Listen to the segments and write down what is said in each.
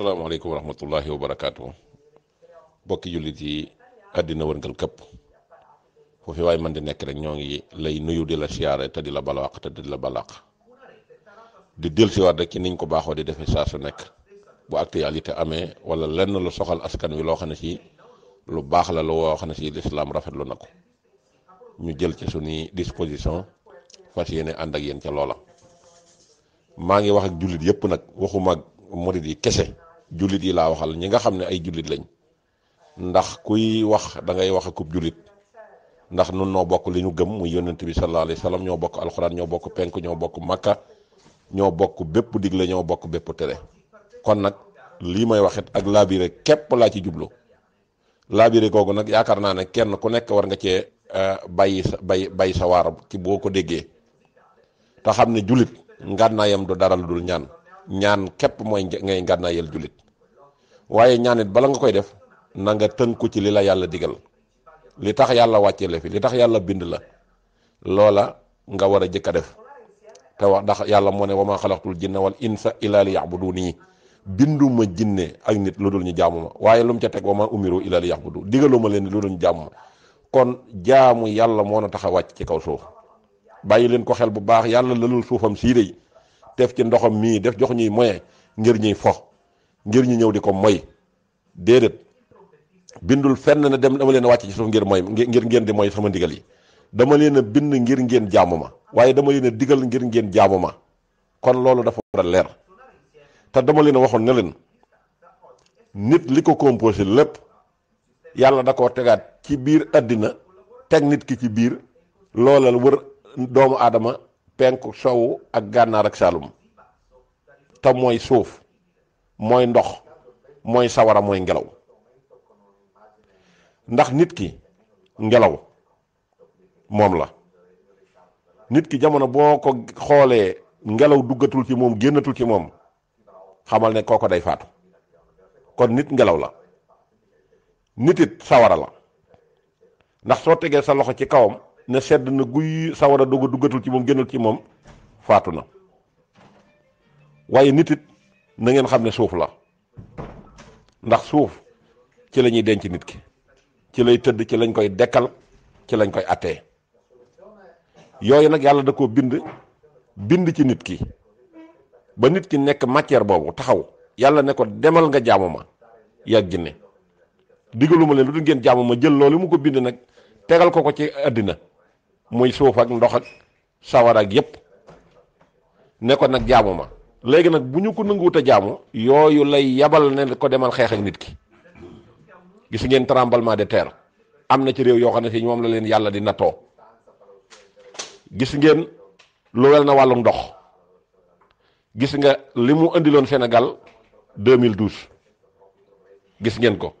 asalaamaaleykum wa rahmatullahi wa barakaatu bokki jullit yi àddina wërngal këpp foofu waay man di nekk rek ñoo ngi lay nuyu di la siyaare te di la balaax te di la balaax di dellusiwaat rek ki niñ ko baaxoo di defee saa su nekk bu actualité amee wala lenn lu soxal askan wi loo xam ne si lu baax la lu woo xam ne si lislaam rafetlu na ko ñu jël ci suñuy disposition fas yéene ànd ak yéen ca loola maa ngi wax ak yëpp nag waxuma ak murid yi kese jullit yi laa waxal ñi nga xam ne ay jullit lañ ndax kuy wax da ngay wax akub jullit ndax nun noo bokk li ñu gëm muy yonent bi sallallahu alayhi wasallam ñoo bokk alxuraan ñoo bokk penk ñoo bokk makka ñoo bokk bépp digle ñoo bokk bépp tere kon nag lii may waxit ak laabire képp laa ci jublu laabire googu nag yaakaar naa ne kenn ku nekk war nga cee eh, bàyyi sa bay bay sa waar ci boo ko déggee te xam ne jullit yem du dara lu dul ñaan ñaan képp mooy ngay ngànnaayal jullit waaye ñaan bala nga koy def na nga tënku ci li la yàlla digal li tax yàlla wàccee la fi li tax yàlla bind la loola nga war a jëkk a def te wax dax yàlla moo ne wa maa xalaqtul jinna wal insa illaa liya'buduni binduma jinne ak nit lu dul ñu jaamu ma waaye lu mu ca teg wa maa umiru du liya'budu ma leen lu dul ñu jaamu kon jaamu yàlla moo na tax wàcc ci kaw suuf bàyyi leen ko xel bu baax yàlla lalul suufam siidéy def ci ndoxam mii def jox ñuy moyen ngir ñuy fo ngir ñu ñëw di ko moy déedéet bindul fenn na dem dama leen a wàcc ci suuf ngir moy ngir ngeen di moy sama ndigal yi dama leen bind ngir ngeen jaamu ma waaye dama leen a digal ngeen jaamu ma kon loolu dafa war a leer te dama leen a waxoon ne nit li ko composé lépp yàlla da koo tegaat ci biir àddina teg nit ki ci biir loolal wër doomu aadama penku sowu ak gànnaar ak saalum te mooy suuf mooy ndox mooy sawara mooy ngelaw ndax nit ki ngelaw moom la nit ki jamono boo ko xoolee ngelaw duggatul ci moom génnatul ci moom xamal ne koo ko day faatu kon nit ngelaw la nitit sawara la ndax soo tegee sa loxo ci kawam ne sedd na guy sawara doog a duggatul ci moom génnul ci moom faatu na waaye nit it na ngeen xam ne suuf la ndax suuf ci la ñuy denc nit ki ci lay tëdd ci lañ koy dekkal ci lañ koy atte yooyu nag yàlla da koo bind bind ci nit ki ba nit ki nekk matière boobu taxaw yàlla ne ko demal nga jaamu ma yàgg ne digaluma leen lu du ngeen jaamu ma jël loolu mu ko bind nag tegal ko ko ci àddina muy suuf ak ndox ak sawar ak yépp ne ko jaamu ma léegi nag bu ñu ko nanguwut a jaamu yooyu lay yabal ne ko demal xeex ak nit ki gis ngeen trambalement de terre am na ci réew yoo xam ne si moom la leen yàlla di nattoo gis ngeen lu wel na wàllu ndox gis nga li mu indiloon senegal Sénégal 2012 gis ngeen ko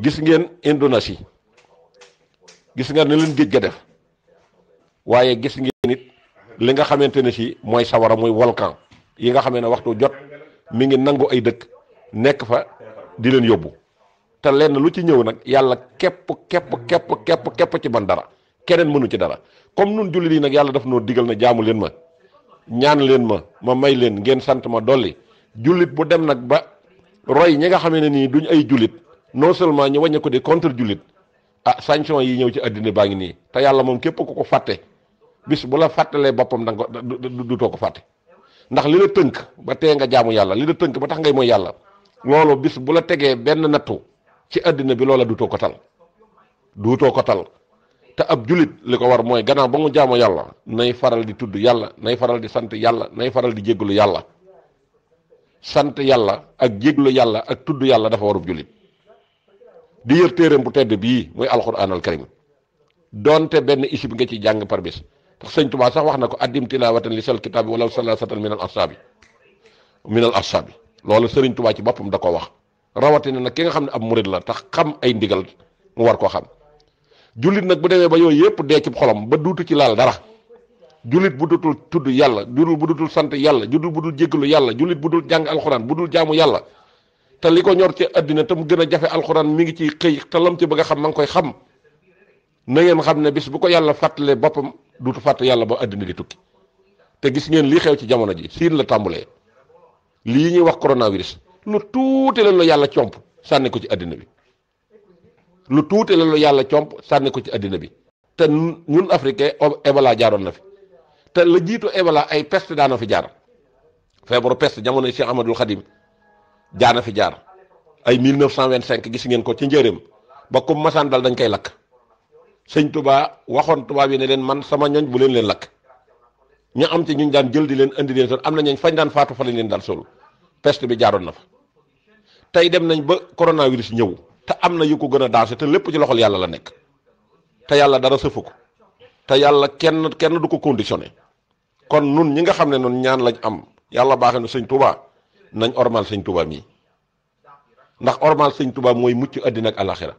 gis ngeen Indonésie gis nga ne leen géej ga def waaye gis ngeen it li nga xamante ne si mooy sawara mooy volcan yi nga xamee ne waxtu jot mi ngi nangu ay dëkk nekk fa di leen yóbbu te lenn lu ci ñëw nag yàlla képp képp képp képp képp ci man dara keneen mënu ci dara comme nun jullit yi nag yàlla daf noo digal na jaamu leen ma ñaan leen ma ma may leen ngeen sant ma dolli jullit bu dem nag ba roy ñi nga xamee ne nii duñ ay jullit non seulement ñu wàññi ko di contre jullit ah sanction yi ñew ci adina baangi ni ta yalla mom moom ko ko fàtte bis bu la fatale bopam da ko du too ko fàtte ndax li la ba te nga jaamu yalla li la tënk ba tax ngay moy yalla lolo bis bu la tege ben nattu ci adina bi du to ko tal to ko tal ta ab julit liko war moy ba mu jaamu yalla nay faral di tuddu yalla, nay faral di sante yalla, nay faral di jeglu yalla. sante yalla, ak jeglu yalla, ak tuddu yalla dafa warub julit di yër debi bu tedd bi moy alquran alkarim donte ben isib nga ci jang par bes tax seigne touba sax wax ko addim tilaawatan wala salasatan min al asabi min al asaabi loolu sëriñ Tuubaa ci bopam dako wax rawati nag ki nga xamne ne ab murid la tax xam ay ndigal mu war ko xam julit nak bu demee ba yoy yep de ci xolam ba dutu ci lal dara julit bu dutul tuddu yalla bu dutul sante yalla bu dutul jeglu yalla julit bu dutul jang alquran bu dutul jamu yalla te li ko ñor ci àddina te mu gën a jafe alxuraan mi ngi ciy xëy te lam ci bëgg a xam ma ngi koy xam na ngeen xam ne bis bu ko yàlla fàttalee boppam duutu fàtt yàlla ba àddina di tukki te gis ngeen lii xew ci jamono ji siin la tàmbulee lii ñuy wax coronavirus lu tuuti la la yàlla comp sànni ko ci àddina bi lu tuuti la la yàlla comp sànni ko ci àddina bi te ñun africain Ebola jaaroon na fi te la jiitu Ebola ay peste daana fi jaar feebaru peste jamono Cheikh Ahmadul Xadim jaana fi jaar ay 1925 gis ngeen ko ci njëriñ ba kum masaan dal dañ koy lakk sëñ Touba waxoon tubaab yi ne leen man sama ñoñ bu leen leen lakk ñu am ci ñu daan jël di leen indi leen sol am na ñooñ fañ daan faatu fa lañ leen daan sol peste bi jaaroon na fa tey dem nañ ba coronavirus ñëw te am na yu ko gën a dansé te lépp ci loxol yàlla la nekk te yàlla dara sëfu ko te yàlla kenn kenn du ko conditionné kon nun ñi nga xam ne noonu ñaan lañ am yàlla baaxe na sëñ Touba. nañ ormal sëñ Tuubaa yi ndax ormal sëñ Tuubaa mooy mucc àddina ak alaxira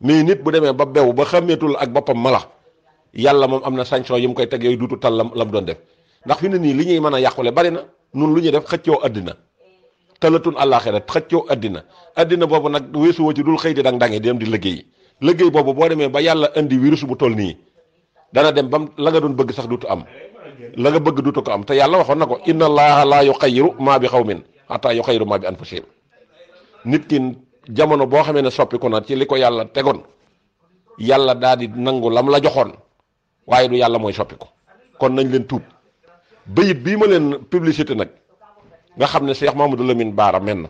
mais nit bu demee ba bew ba xàmmeetul ak boppam mala yàlla moom am na sanction yi mu koy teg yooyu duutu tal lam lam doon def ndax fi ne nii li ñuy mën a yàqule bari na nun lu ñuy def xëccoo àddina talatun alaxira xëccoo àddina àddina boobu nag weesuwoo ci dul xëy di dang dange di dem di liggéey liggéey boobu boo demee ba yàlla indi virus bu toll nii dana dem bam la nga doon bëgg sax duutu am la nga bëgg duutu ko am te yàlla waxoon na ko inna allaha la yuqayyiru maa bi xawmin ataa yu xayru maa bi anfusihim nit ki jamono boo xamee ne soppiku na ci li ko yàlla tegoon yàlla daa di nangu lam la joxoon waaye du yàlla mooy soppiku kon nañ leen tuub bayit bii ma leen publicité nag nga xam ne Cheikh Mamadou Lamine Baara men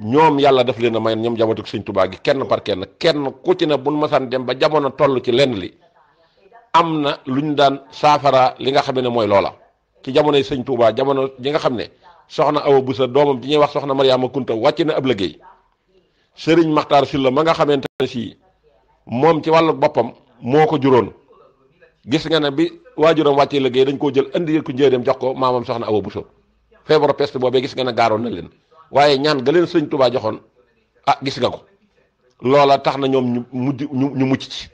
ñoom yàlla def leen a mayoon ñoom jabatuk Sëñ Tuubaa gi kenn par kenn kenn ku ci ne buñ masaan dem ba jamono tollu ci lenn li am na lu ñu daan saafara li nga xam ne mooy loola ci jamonoy Sëñ Tuubaa jamono ji nga xam ne soxna Awa Busa doomam ji ñuy wax soxna Mariama Kunta wàcc na ab liggéey Serigne Makhtar Sylla ma nga xamante ne sii moom ci wàllu boppam moo ko juróon gis nga ne bi waa waajuram wàccee liggéey dañ koo jël andi ko njëriñam jox ko maamam soxna Awa Busa feebaru peste boobee gis nga ne gaaroon na leen waaye ñaan ga leen sëñ Tuubaa joxoon a ah, gis nga ko loola tax na ñoom ñu mujj ñu ñu mucc ci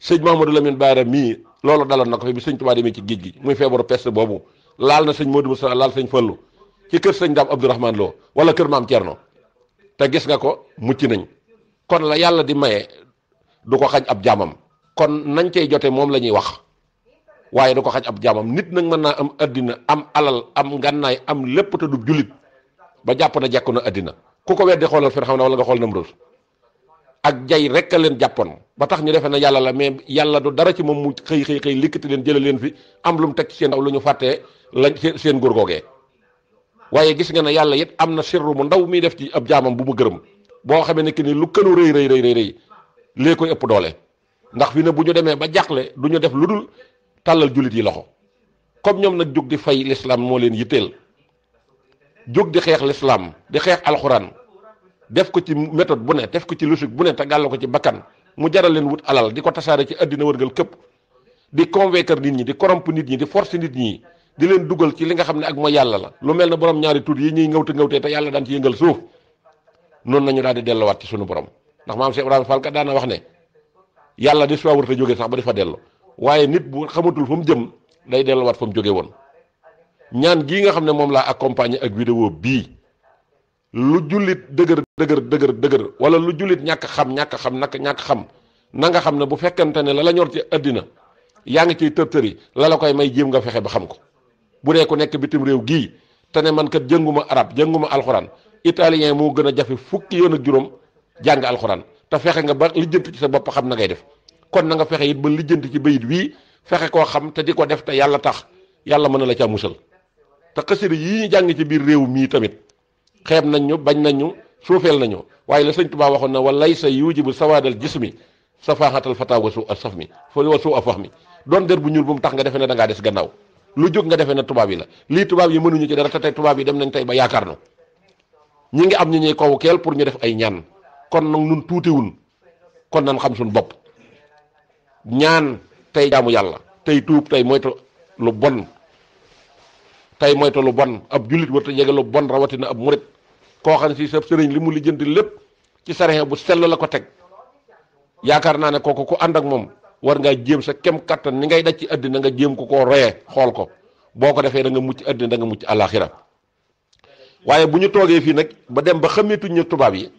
sëñ Mamadou Lamine Baara mii loolu daloon na ko fi bi sëñ Tuubaa demee ci géej gi muy feebaru peste boobu laal na sëñ Modou Moussa laal sëñ Fallou ci kër sëñ Dame Abdourahmane Lo wala kër maam Thierno te gis nga ko mucc nañ kon la yàlla di maye du ko xaj ab jaamam kon nañ cey jote moom la ñuy wax waaye du ko xaj ab jaamam nit nag mën naa am addina am alal am ngànnaay am lépp te du jullit ba jàpp na jekku na addina ku ko weddi xoolal na wala nga xool Namrud ak jay rek a leen jàppoon ba tax ñu defee na yàlla la mais yàlla du dara ci moom mu xëy xëy xëy likkati leen jële leen fi am lu mu teg ci ndaw lu ñu fàttee lañ seen góor waaye gis nga ne yàlla it am na sirru mu ndaw muy def ci ab jaamam bu mu gërëm boo xamee nekk que ni lu kënu rëy rëy rëy rëy lee koy ëpp doole ndax fi ne bu ñu demee ba jàqle du ñu def lu dul tàllal jullit yi loxo comme ñoom nag jóg di fay l'islam moo leen yitteel jóg di xeex l'islam di xeex alxuraan def ko ci méthode bu ne def ko ci logique bu ne te gàll ko ci bakkan mu jaral leen wut alal di ko tasaare ci àddina wërgal këpp di convaincre nit ñi di corrompre nit ñi di forcer nit ñi di len duggal ci li nga xamne ak mo yalla la lu melni borom ñaari suh yi ñi ngawte ngawtee ta yalla daan ci yëngal suuf non nañu daal di wat ci sunu borom ndax maam Cheikh ibrahim Fall daana wax ne yalla di fois warut joge sax ba di fa dellu nit bu xamatul fu mu jëm day wat fu mu joge won ñaan gi nga xamne mom la accompagner ak vidéo bi lu julit dëgër dëgër dëgër dëgër wala lu julit ñak xam ñak xam nak ñak xam na nga xamne bu fekkante ne la la ñor ci adina yaangi ci ciy la la koy may jëm nga fexé ba xam ko bu dee ko nekk bitim réew gii te ne man kat jënguma araab jënguma alxuraan italien moo gën a jafe fukki yoon ak juróom jàng alxuraan te fexe nga ba lijjanti ci sa bopp xam na ngay def kon na nga fexe it ba lijjanti ci bayit wii fexe koo xam te di ko def te yàlla tax yàlla mën na la ca musal te xasida yii ñu jàng ci biir réew mii tamit xeeb nañ ñu bañ nañ ñu suufeel nañu waaye la sëñ Tuubaa waxoon na walay sa yujibu sawaadal jismi safaaxatal fataaw wa a saf mi fa wa suu a fax mi doon der bu ñuul bu mu tax defe ne da des gannaaw lu jóg nga defee na tubaab yi la lii tubaab yi mënuñu ci dara te tey tubaab yi dem nañ tey ba yaakaar na ñi ngi am ñu ñuy convoquer pour ñu def ay ñaan kon nag nun tuutiwun kon nan xam suñ bopp ñaan tey jaamu yàlla tey tuub tey moytu lu bon tey moytu lu bon ab jullit war ta jege lu bon rawatina ab murit koo xam ne si sa sëriñ li mu lijjanti lépp ci sariya bu sell la ko teg yaakaar naa ne kooku ku ànd ak moom war nga jëm sa kem katan ni ngay dacc ci àddina nga jëm ko ko re xol ko boko defé da nga mucc àddina da nga mucc alaxira waaye bu ñu toogee fii nag ba dem ba xameetuñ ñu tubab yi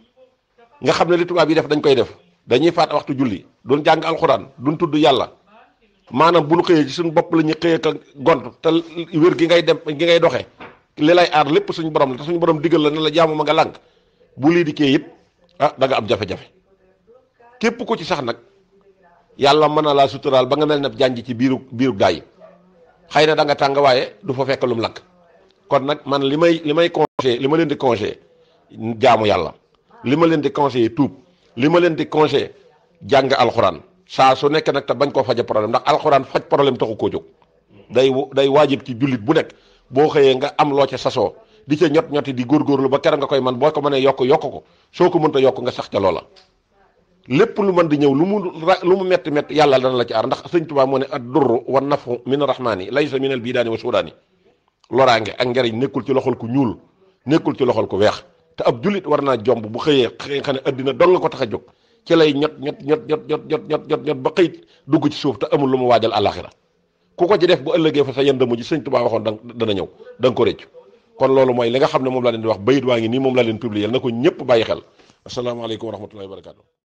nga xamné li tubab yi def dañ koy def dañuy faat waxtu julli doon jang alquran duñ tuddu yalla manam buñu xeyé ci suñu bop lañu xeyé ka gont te wër gi ngay dem gi ngay doxé li lay ar lepp suñu borom la suñu borom digal la na la jaamu ma nga lank bu li di ah da nga am jafé jafé képp ko ci sax nak yàlla mën na laa suturaal ba nga mel ne jànj ci biiru biiru daay yi xëy na da nga tàng waaye du fa fekk lum lakk kon nag man li may li may conseillé li ma leen di conseillé jaamu yàlla li ma leen di conseillé tuub li ma leen di conseillé jàng alxuraan saa su nekkee nag te bañ koo faja problème ndax alxuraan faj problème taxu koo jóg day day waajib ci jullit bu nekk boo xëyee nga am loo ca sasoo di ca ñot ñoti di góorgóorlu ba keroog nga koy man boo ko mënee yokk yokk ko soo ko mënta yokk nga sax ca loola lépp lu man di ñëw lu mu lu mu metti metti yàlla dana la ci aar ndax sëñ Tuubaa moo ne ad durru wa nafu min rahmaani laysa minal biidaani wa suudaani loraange ak njariñ nekkul ci loxol ku ñuul nekkul ci loxol ku weex te ab jullit war naa jomb bu xëyee xëy xam ne addina dong nga ko tax a jóg ci lay ñot ñot ñot ñot ñot ñot ñot ñot ba xëy dugg ci suuf te amul lu mu waajal àllaaxira ku ko ci def bu ëllëgee fa sa yenda mujj sëñ Tuubaa waxoon dana dana xam ne moom laa leen di wax bayit waa moom laa leen publier na ko ñëpp bàyyi xel asalaamaaleykum wa rahmatullahi wa